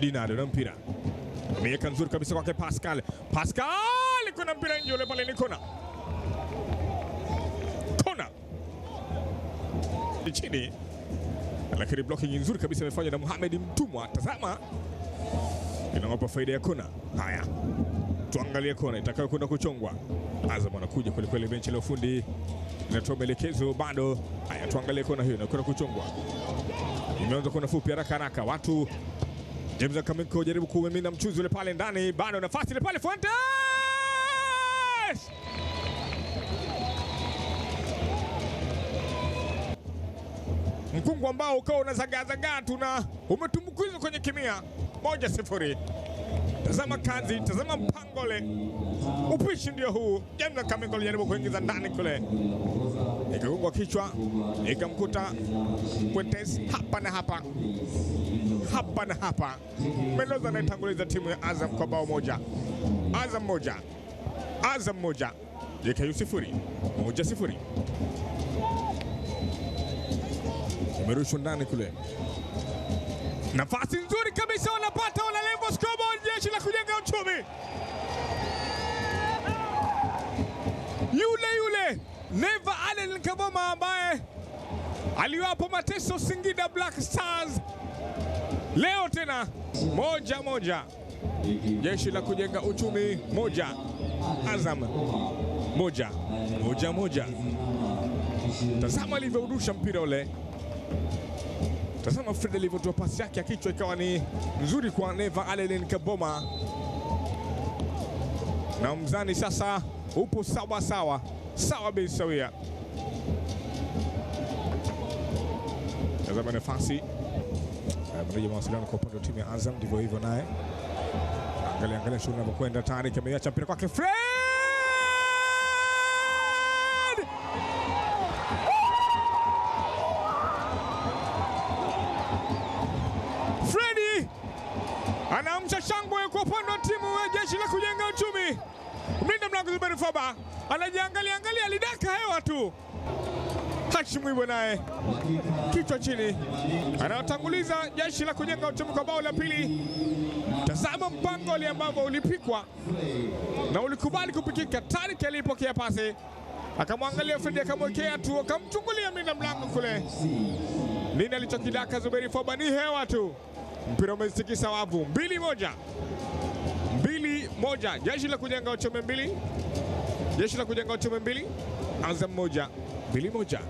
Dinaro na mpira ameweka nzuri kabisa kwake Pascal. Pascal kuna mpira nje, ule pale ni kona, kona chini, lakini blocking nzuri kabisa imefanywa na Mohamed Mtumwa. Tazama, inawapa faida ya kona. Haya, tuangalie kona itakayo kuchongwa. Azam anakuja kwelikweli, benchi la ufundi inatoa maelekezo bado. Haya, tuangalie kona hiyo inakwenda kuchongwa, imeanza kona fupi haraka haraka, watu James Akamiko jaribu kumimina mchuzi ule pale ndani, bado nafasi ile pale Fuentes mkungu ambao ukawa unazagaazagaa tu na umetumbukizwa kwenye kimia. Moja sifuri. Tazama kazi, tazama mpangole, upishi ndio huu. James Akamiko jaribu kuingiza ndani kule kwa kichwa, ikamkuta Fuentes hapa na hapa hapa na hapa. Mendoza anaitanguliza timu ya Azam kwa bao moja. Azam moja, Azam moja, JKU sifuri, moja sifuri. Umerushwa ndani kule, nafasi nzuri kabisa wanapata Lembo Skobo, jeshi la kujenga uchumi Neva Allen Kavoma ambaye aliwapo mateso Singida Black Stars leo tena moja moja. Jeshi la kujenga uchumi moja, Azam moja moja moja. Tazama alivyorusha mpira ule, tazama Fred alivyotoa pasi yake ya kichwa, ikawa ni nzuri kwa Neva Allen Kaboma na mzani sasa upo sawa sawa sawa bin sawia. Tazama nafasi eh, mrejea mawasiliano kwa upande wa timu ya Azam, ndivyo hivyo naye angalia angalia shughuli inavyokwenda. Taric ameiacha mpira kwake Fred Fredi anaamsha shangwe kwa upande wa timu ya Jeshi la Kujenga yangu Zuberi Faba anajiangalia angalia, alidaka hewa tu. Hashim Mwibo naye kichwa chini, anawatanguliza jeshi la kujenga uchumi kwa bao la pili. Tazama mpango ule ambavyo ulipikwa na ulikubali kupikika. Tariki alipokea pasi akamwangalia Fredi akamwekea tu akamchungulia mina mlango kule. Nini alichokidaka Zuberi Foba? Ni hewa tu, mpira umeitikisa wavu. mbili moja moja, jeshi la kujenga uchumi mbili, jeshi la kujenga uchumi mbili, Azam moja, mbili moja.